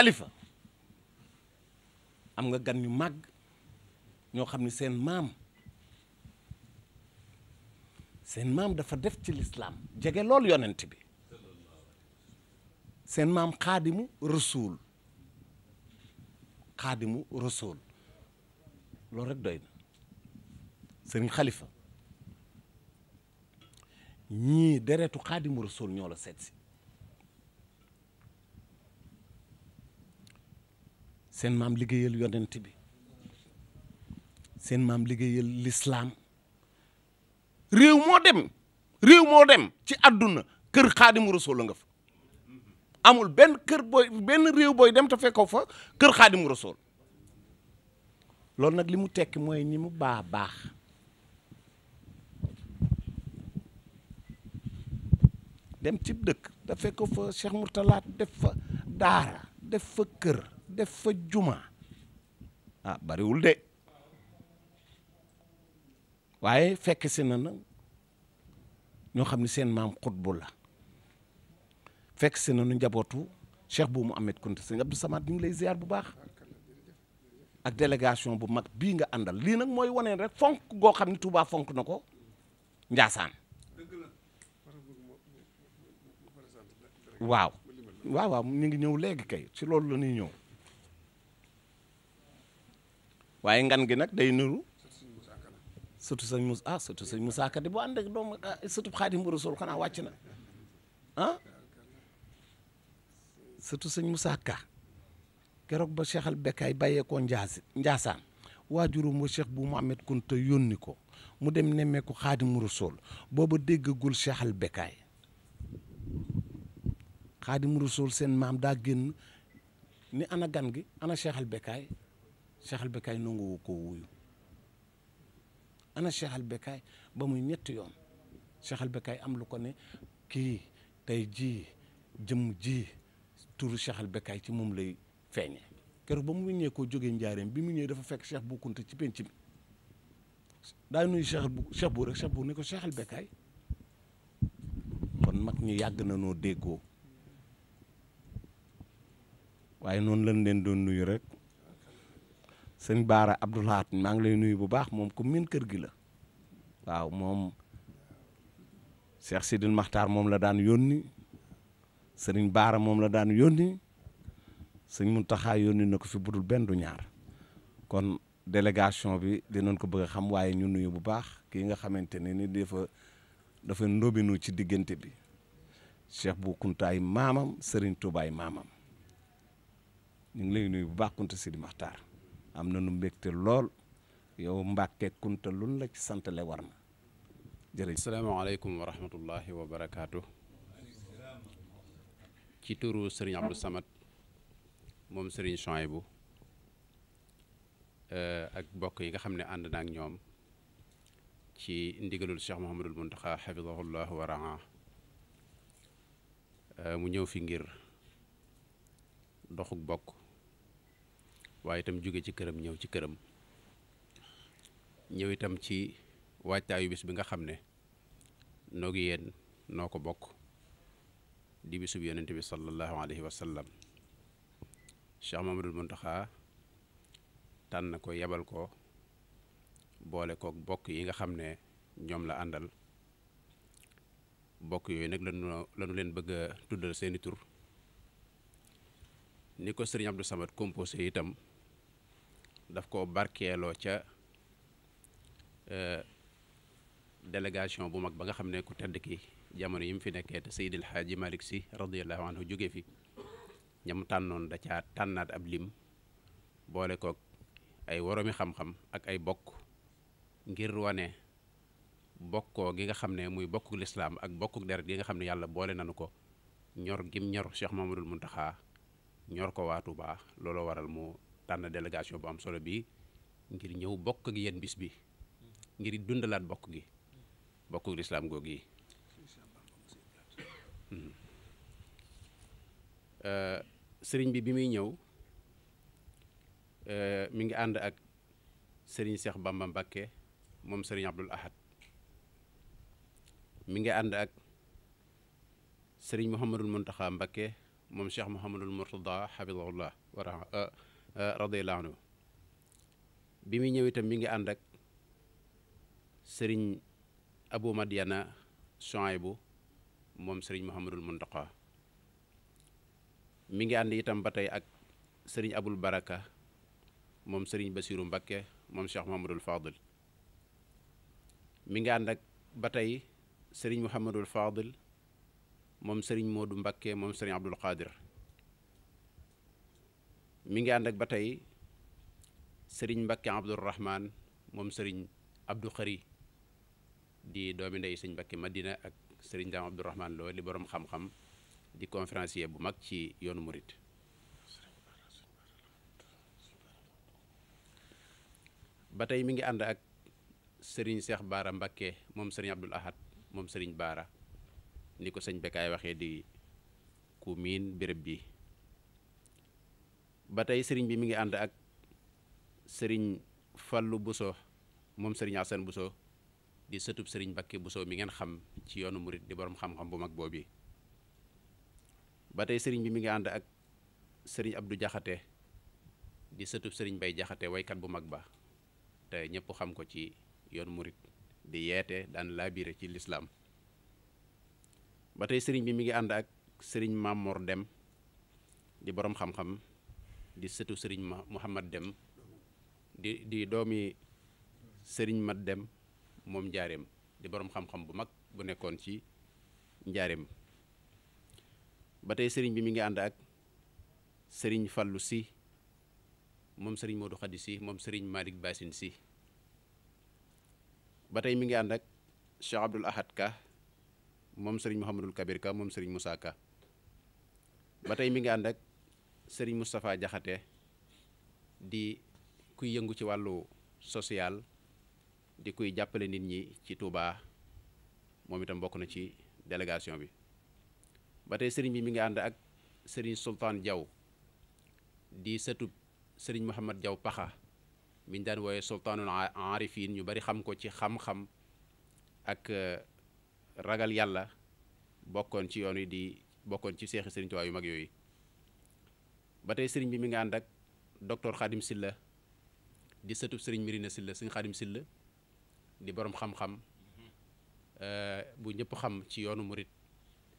xalifa am nga gan yu mag ñoo xam ne seen maam seen maam dafa def ci lislaam jege lool yonent bi seen maam xaadimu rasuul xaadimu rasuul loolu rek doy na sëriñ xalifa ñii deretu xaadimu rasuul ñoo la seet si seen maam liggéeyal yonent bi seen maam liggéeyal lislaam réew moo dem réew moo dem ci àdduna kër xaadimu rasul la nga fa amul benn kër booy benn réew booy dem ta fekkoo fa kër xaadimu rasul loolu nag li mu tekki mooy ni mu baa baax dem cib dëkk da fekko fa Cheikh Mourtala def fa daara def fa kër def fa juma ah bariwul de waaye fekk si na na ñoo xam ne seen maam xutbu la fekk si na nu njabootu cheikh bu mu Kounta Sëñ Abdou Samad ñu ngi lay ziar bu baax ak délégation bu mag bii nga àndal lii nag mooy waneen rek fonk goo xam ne tuubaa fonk na ko Njaasaan waaw waaw waaw ñu ngi ñëw léegi kay ci loolu la ñuy ñëw waaye ngan gi nag day nuru surtout sëñ Moussa ah surtout sëñ Moussa Ka di bu ànd ak doomu ah, surtout Xaadimu Rasuul xanaa wàcc na ah surtout sëñ Moussa Ka keroog ba Cheikh al Bekkaay bàyyeekoo Njaasi Njaasaan waajurum wa Cheikh bu Mouhamed Kunta yónni ko mu dem nemmeeku Xaadimu Rasuul booba déggagul Cheikh al Bekkaay Xaadimu Rasuul seen maam daa génn ni ana gan gi ana Cheikh al Bekkaay Cheikh al Bekaay nanguwu koo wuyu ana Cheikh al ba muy ñetti yoon Cheikh al am lu ko ne kii tey jii jëm ji turu Cheikh al Bekaay ci moom lay feeñe keroog ba mu ñëwee koo jógee njaareem bi mu ñëwee dafa fekk Cheikh Bou Kounta ci penc mi daa nuyu Cheikh bu Cheikh bu rek Cheikh ne ko Cheikh al kon mag ñi yàgg na noo déggoo waaye noonu lañ leen doon nuyu rek. sëñ Baara Abdoulahat maa ngi lay nuyu bu baax moom ku min kër gila waaw moom Cheikh Sidil Maxtaar moom la daan yónni sëriñ Baara moom la daan yónni sëñ Muntaxa yónni na ko fi budul benn du ñaar kon délégation bi noon ko bëgga xam waaye ñu nuyu bu baax kii nga xamante ne ni dafa dafa ndóbinu ci diggante bi Cheikh bu kuntaay maamam sëriñ Tuubaay maamam ñu ngi lay nuyu bu baax Kunta Sidi Maxtaar am na nu mbégte lool yow Mbàkke Kunta lun la ci santale war na jërëjëf asalaamaaleykum wa rahmatullahi wa barakaatu ci turu sëriñ Abdou Samad moom sëriñ Chouaïbou eh, ak bokk yi nga xam ne ànd na ak ñoom ci ndigalul Cheikh Mouhamadul Muntaxa xafidahullah wa eh, mu ñëw fi ngir doxuk bokk waaye itam jóge ci këram ñëw ci këram ñëw itam ci waajtaayu bis bi nga xam ne noo gi noo ko bokk di bisub yonent bi sallallahu alayhi wa sallam Cheikh Mamadul Muntaxa tànn ko yebal ko boole kook bokk yi nga xam ne ñoom la àndal bokk yooyu nag lanu leen bëgg a tuddal seeni tur ni ko sëriñ Abdou Samad composé itam daf ko barkeeloo ca euh, delegation bu mag ba nga xam ne ku tedd ki jamono yi mu fi nekkee te Seydil Hadji Malick Sy radiyallahu anhu jóge fi ñam tànnoon da caa tànnaat ab lim boole koog ay woroomi xam-xam ak ay bokk ngir wane bokkoo gi nga xam ne muy bokkuk lislaam ak bokkuk deret gi nga xam ne yàlla boole nanu ko ñor gim ñor Cheikh Mamadul Muntaxa ñor ko waatu Tuubaa looloo waral mu tànn délégation bu am solo bi ngir ñëw bokk ak yéen bis bi ngir dundalaat bokk gi bokk ak googu yi hmm. euh, sëriñ bi bi muy ñëw euh, mi ngi ànd ak sëriñ seex Bamba Mbakke moom sëriñ Abdul Ahad mi ngi ànd ak sëriñ Mouhamadul Muntaxa Mbakke moom Cheikh Mouhamadul Murtada xafidahullah wa euh, Euh, radiyallahu anhu bi muy ñëw itam mi ngi ànd ak sëriñ abu madiana bu moom sëriñ muhammadul muntaqa mi ngi ànd itam ba tey ak sëriñ abul baraka moom sëriñ basiru mbakke moom cheikh muhammadul fadil mi ngi ànd ak ba tey sëriñ muhammadul fadil moom sëriñ moodu mbakke moom sëriñ abdul qadir mi ngi ànd ak ba tey sëriñ Mbakke Abdourahman moom sëriñ Abdou Khari di doomi ndey sëñ Mbakke Madina ak sëriñ Daam Abdourahman Lo di borom xam-xam di conférencier bu mag ci yoonu Murit ba tey mi ngi ànd ak sëriñ seex Baara Mbakke moom sëriñ Abdoul Ahad moom sëriñ Baara ni ko sëñ Bekkaay waxee di ku miin béréb bi. ba tey sëriñ bi mi ngi ànd ak sëriñ Fallou buso moom sëriñ Assane buso di sëtub sëriñ Mbacké Bousso mi ngeen xam ci yoonu murit di boroom xam-xam bu mag boobu ba tey sëriñ bi mi ngi ànd ak sëriñ Abdou Jaxate di sëtub sëriñ Bay Jaxate waykat bu mag ba te ñëpp xam ko ci yoonu murit di yeete daan laabire ci lislaam ba sëriñ bi mi ngi ànd ak sëriñ Mamor Dem di boroom xam-xam di sëtu sëriñ Mouhamad Dem di doomi sëriñ Mat Dem moom njaareem di boroom xam-xam bu mag bu nekkoon ci njaareem ba sëriñ bi mi ngi ànd ak sëriñ Fallou si moom sëriñ Modou Khady si moom sëriñ Malick si ba tey mi ngi ànd ak Cheikh Abdoul Ahad Ka moom sëriñ Mouhamadul Kabir Ka moom sëriñ Moussa Ka ba tey ngi ànd ak sëriñ Moustapha Jaxate di kuy yëngu ci wàllu social di kuy jàppale nit ñi ci Touba moom itam bokk na ci délégation bi ba tey sëriñ bi mi ngi ànd ak sëriñ Sultaan Diaw di sëtub sëriñ Mouhamad jaw Paxa mu ñu daan wooye sultaanul aarifin ñu bari xam ko ci xam-xam ak euh, ragal yàlla bokkoon ci yoon wi di bokkoon ci seexi sëriñ Tuubaa yu mag yooyu ba tey sëriñ bi mi nga ànd ak docteur Khadim Silla di sëtub sëriñ Mirina Silla sëriñ Khadim Silla di borom xam-xam euh, bu ñëpp xam ci yoonu murit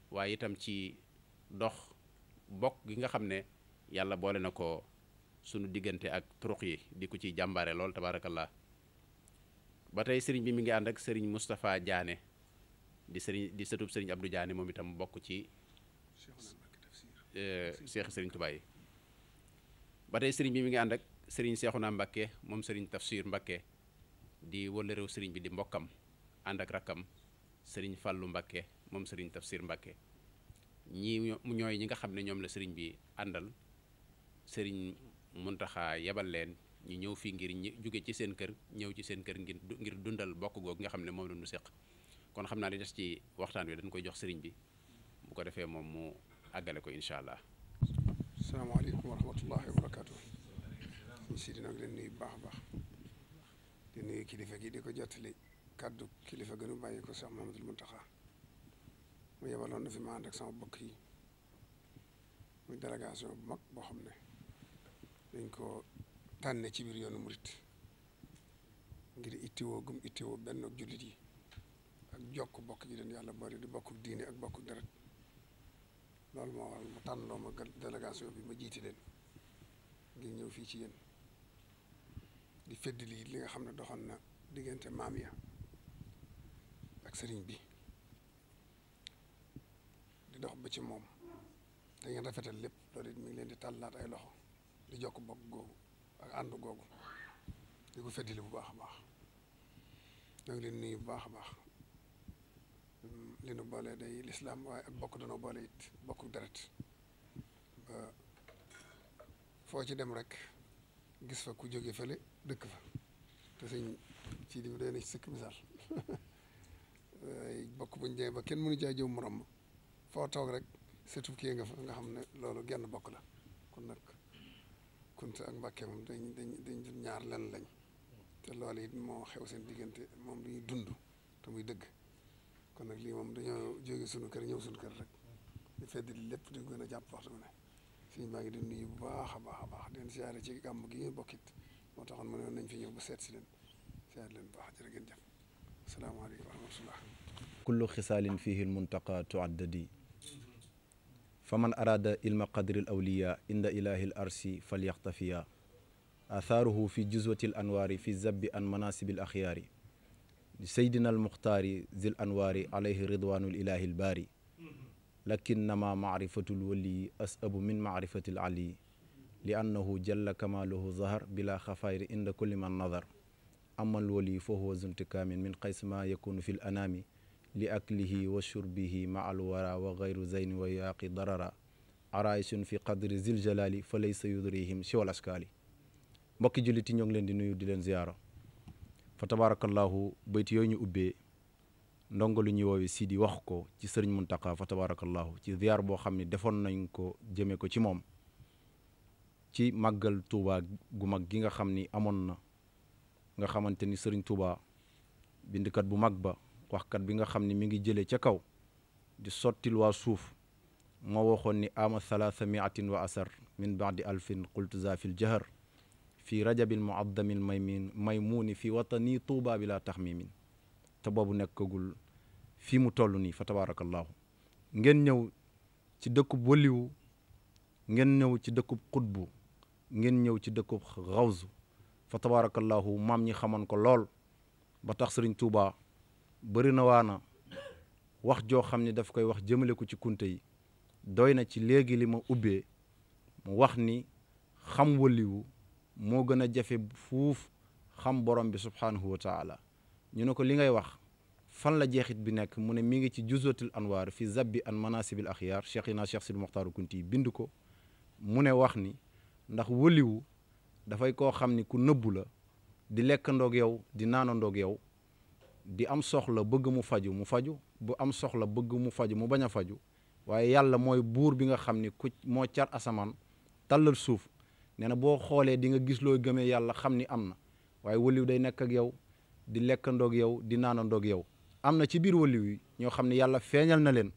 waaye itam ci dox bokk gi nga xam ne yàlla boole na ko sunu diggante ak turuq yi di ko ci jàmbaare lool tabaarakallah ba tey sëriñ bi mi ngi ànd ak sëriñ Moustapha Diané di sëriñ di sëtub sëriñ abdu Diané moom itam bokk ci seexu sëriñ Tuubaa yi ba tey sëriñ bi mi ngi ànd ak sëriñ Seexuna Mbàkke moom sëriñ Tafsir Mbàkke di wëllëreew sëriñ bi di mbokkam ànd ak rakkam sëriñ Fàllu Mbàkke moom sëriñ Tafsir Mbàkke ñii ñooy ñi nga xam ne ñoom la sëriñ bi àndal sëriñ Muntaxa yebal leen ñu ñëw fii ngir ñu jóge ci seen kër ñëw ci seen kër ngir dundal bokk googu nga xam ne moom la ñu seq kon xam naa li des ci waxtaan wi dañ koy jox sëriñ bi bu ko defee moom mu àggale ko incha allah. asalaamaaleykum wa rahmatullahi wa barakaatu. ñu si dina leen nuyu baax a baax di nuyu kilifa gi di ko jottali kàddu kilifa gënu bàyyi ko sax mu yebaloon na fi ma ànd ak sama bokk muy délégation bu mag boo xam ne dañ ko tànne ci biir yoonu murit ngir ittiwoo gum ittiwoo benn jullit yi ak jokk bokk ji leen yàlla boole di bokk diine ak bokk deret loolu moo waral mu tànnloo ma délégation bi ma jiite leen ngir ñëw fii ci yéen di feddali li nga xam ne doxoon na diggante maam ya ak sëriñ bi di dox ba ci moom da ngeen rafetal lépp loolu it mi ngi leen di tàllaat ay loxo di jokk bokk googu ak ànd googu di ko feddali bu baax a baax ñoo ngi leen nuyu bu baax a baax li nu boole day lislaam waaye ak bokk danoo boole it bokk deret foo ci dem rek gis fa ku jóge fële dëkk fa te sëñ ci di doy na ci sëkk misaal bokk buñ demee ba kenn mënu caa jëw morom ma foo toog rek surtout kii nga fa nga xam ne loolu genn bokk la kon nag Kunta ak Mbàkke moom dañ dañ dañ ñaar lenn lañ te loolu it moo xew seen diggante moom dañuy dund te muy dëgg kon nag lii moom dañoo jóge sunu kër ñëw sunu kër rek di fedd li di gën a jàpp waxtu bi ne suñu maa ngi di baax a baax a baax di leen siyaare ci gàmm gi bokkit moo taxoon ma ne nañ fi ñëw ba seet si leen siyaare leen bu baax jërë ngeen jëf asalaamaaleykum wa rahmatullah kullu xisaalin fihi almuntaqa tuaddadi fa man araada ilma qadri al awliya inda ilahi arsi falyaxtafiya athaaruhu fi juzwati al fi zabbi an manasibi al seydina al muxtaari zil anwaari alayhi ridwanul ilahi lbaari lakinnama maarifatul wali asabu min maarifatil ali li annahu jalla kamaaluhu zahar bila xafayri inda kulli man nadar amal wali fa huwa zuntikaamin min xays ma yakunu fi l anaami li aklihi wa shurbihi ma al wara wa gayru zeyni wa yaaqi darara araaysun fi qadri zil jalaali fa laysa yudrihim siwal askaali mbokki julliti ñoo ngi leen di nuyu di leen ziyaara fa tabaarakallaahu bayt yooyu ñu ubbee ndongo lu ñuy woowee Sidi wax ko ci sëriñ Muntaqa fa tabaarakallaahu ci ziar boo xam ne defoon nañ ko jëmee ko ci moom ci màggal Touba gu mag gi nga xam ni amoon na nga xamante ni sëriñ Touba bindkat bu mag ba waxkat bi nga xam ni mi ngi jëlee ca kaw di sottil waa suuf moo waxoon ni ama thalaatha miatin wa asar min baadi alfin qultu zafil jahar fii rajabil muaddamil maymin maymuuni fii watani tuuba bi laa taxmimin te nekk nekkagul fii mu toll nii fa tabaarakallaahu ngeen ñëw ci dëkkub waliwu ngeen ñëw ci dëkkub xutbu ngeen ñëw ci dëkkub xawsu fa tabaarakallaahu maam ñi xamoon ko lool ba tax sëriñ tuuba bëri na waana wax joo xam ne daf koy wax jëmale ko ci kunte yi doy na ci léegi li ma ubbee mu wax ni xam waliwu moo gën a jafe fuuf xam borom bi subhaanahu wa taala ñu ne ko li ngay wax fan la jeexit bi nekk mu ne mi ngi ci juzatul anwaar fi zabbi an manasibil axyaar cheikhina cheikh sil moxtaaru kunti bind ko mu ne wax ni ndax wëliwu dafay koo xam ni ku nëbbu la di lekkandoog yow di naanandoog yow di am soxla bëgg mu faju mu faju bu am soxla bëgg mu faju mu bañ a faju waaye yàlla mooy buur bi nga xam ni ku moo car asamaan tàllal suuf nee na boo xoolee di nga gis loo gëmee yàlla xam ni am na waaye waliw day nekk ak yow di lekkandoog yow di naanandoog yow am na ci biir waliw yi ñoo xam ne yàlla feeñal na leen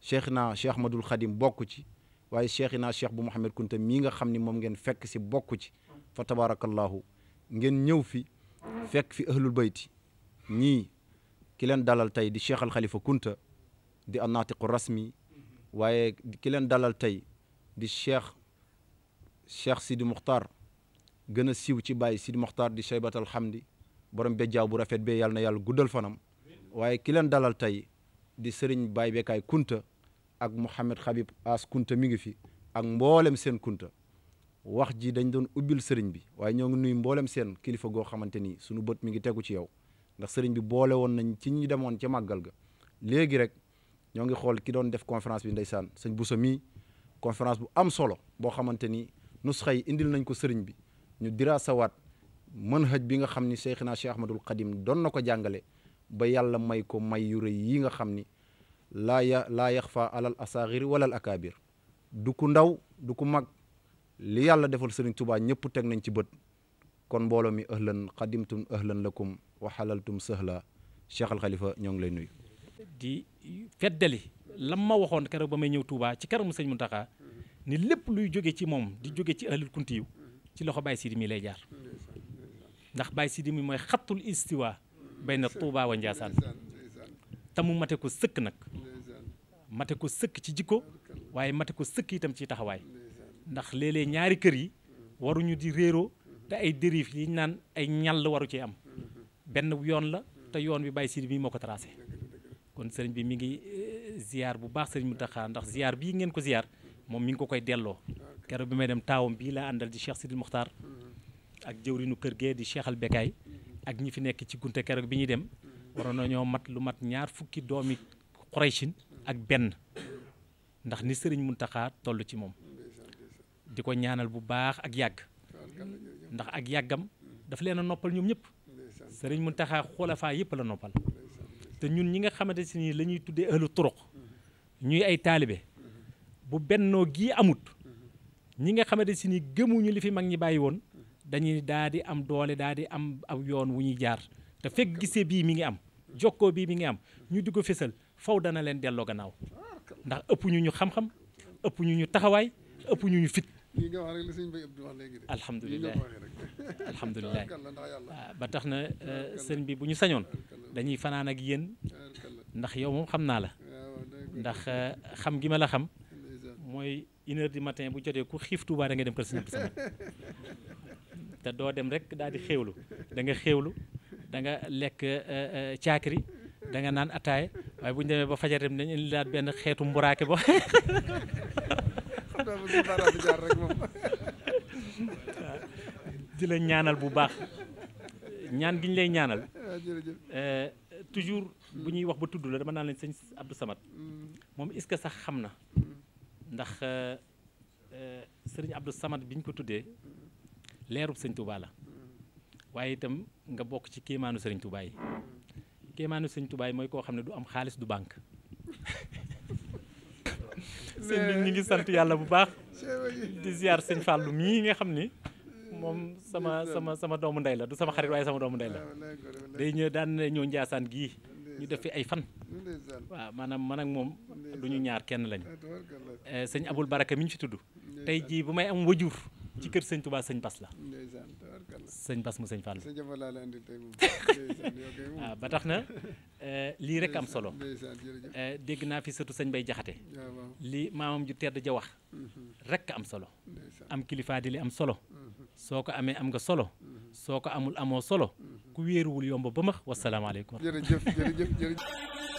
cheikh naa cheikh Ahmadul Xadim bokk ci waaye cheikh naa cheikh bu Mouhamed Kunta mii nga xam ni moom ngeen fekk si bokk ci fa tabarakallahu ngeen ñëw fi fekk fi ahlul bayti ñii ki leen dalal tey di cheikh al Khalifa Kunta di annaatiqu rasmi waaye kileen leen dalal tey di cheikh cheikh sidi muxtaar gën a siw ci bàyyi sidi muxtaar di cheybat alhamdi borom bejjaaw bu rafet bee yàlla na yàlla guddal fanam waaye ki leen dalal tey di sëriñ baay Bekaay kunta ak Mouhamed Habib As kunta mi ngi fi ak mboolem seen kunta wax ji dañ doon ubbil sëriñ bi waaye ñoo ngi nuyu mboolem seen kilifa goo xamante ni sunu bët mi ngi tegu ci yow ndax sëriñ bi boole woon nañ ci ñi demoon ci màggal ga léegi rek ñoo ngi xool ki doon def conférence bi ndeysaan sëñ bu am solo nusxa yi indil nañ ko sëriñ bi ñu diraasawaat manhaj bi nga xam ni Seyxinaa Cheikh Ahmadul Xadim doon na ko jàngale ba yàlla may ko may yu rey yi nga xam ni laa ya laa yaxfa alal asaaxiri wala al akaabir du ku ndaw du ku mag li yàlla defal sëriñ Tuubaa ñëpp teg nañ ci bët kon mbooloo mi ahlan xadimtum ahlan lakum wa xalaltum sahla Cheikh Al xalifa ñoo ngi lay nuyu. di feddali lam ma waxoon keroog ba may ñëw Touba ci kanamu sëñ mu Mountakha ni lépp luy jóge ci moom di jóge ci ahlul kunti yu ci loxo Baye Sidi lay jaar ndax Baye Sidi mi mooy xattul istiwa bay na Touba wa mu mate ko sëkk nag mate ko sëkk ci jikko waaye mate ko sëkk itam ci taxawaay ndax léeg ñaari kër yi waruñu di réeroo te ay dérive yi naan ay ñàll waru ci am benn yoon la te yoon bi Baye Sidi moo ko tracé kon sëriñ bi mi ngi eh, ziar bu baax sëriñ Mountakha ndax ziar bii ngeen ko ziar. moom mi ngi ko koy delloo keroog bi may dem taawam bii laa àndal di Cheikh Sidil Mokhtar ak jëwrinu kër gee di Cheikh al ak ñi fi nekk ci gunte keroog bi ñuy dem waroon nañoo mat lu mat ñaar fukki doomi Xuraysin ak benn ndax ni sëriñ Muntaxa toll ci moom di ko ñaanal bu baax ak yàgg ndax ak yàggam dafa leen a noppal ñoom ñëpp sëriñ Muntaxa xulafaa yëpp la noppal te ñun ñi nga xamante si nii lañuy tuddee ëllu turuq ñuy ay taalibe bu bennoo gii amut ñi nga xamante si ni gëmuñu li fi mag ñi bàyyi woon dañuy daal di am doole daal di am aw yoon wu ñuy jaar te fekk gisee bii mi ngi am jokkoo bii mi ngi am ñu di ko fésal faw dana leen delloo gannaaw ndax ëpp ñu ñu xam-xam ëpp ñu ñu taxawaay ëpp ñu ñu fit. lii nga ah, ba tax na euh, sëñ bi bu ñu sañoon dañuy fanaan ak yéen ndax yow moom xam naa la ah, ndax euh, xam gi ma la xam. mooy une matin bu jotee ku xiif Touba da dem ko Serigne Abdou te doo dem rek daal di xéewlu da nga xéewlu da nga lekk euh, euh, caakiri da nga naan ataaya waaye bu ñu demee ba fajar dem dañu indi benn xeetu mburaake bo di la ñaanal bu baax ñaan gi ñu lay ñaanal ah, euh, toujours bu ñuy wax ba tudd la dama naan leen sëñ Abdou Samad mm. moom est-ce que sax xam na ndax euh, euh, sëriñ Abdou Samad bi ñu ko tuddee leerub sëñ Touba la waaye itam nga bokk ci kéemaanu sëriñ Touba yi kéemaanu sëñ tubaay mooy koo xam ne du am xaalis du banque sëñ bi ñu ngi sant yàlla bu baax di ziar sëñ Fallou mii nga xam ni moom sama sama sama doomu ndey la du sama xarit waaye sama doomu ndey la ah, day ñëw daan ñëw Njaasaan gii ñu def fi ay fan waaw maanaam man moom du ñu ñaar kenn lañu eh, sëñ abul baraka mi ñu fi tudd tey jii bu may am wajur ci kër sëñ tubaa sëñ bas la sëñ Bass mu sëñ Fall waaw ah, ba tax na euh, lii rek am solo euh, dégg naa fi surtout sëñ Bay Jaxate lii maamam ju tedd ja wax mhm. rek am solo am kilifaa di li am solo mhm. soo ko amee am nga solo mhm. soo ko amul amoo solo ku wéeruwul yomb ba max wasalaamaaleykum jërëjëf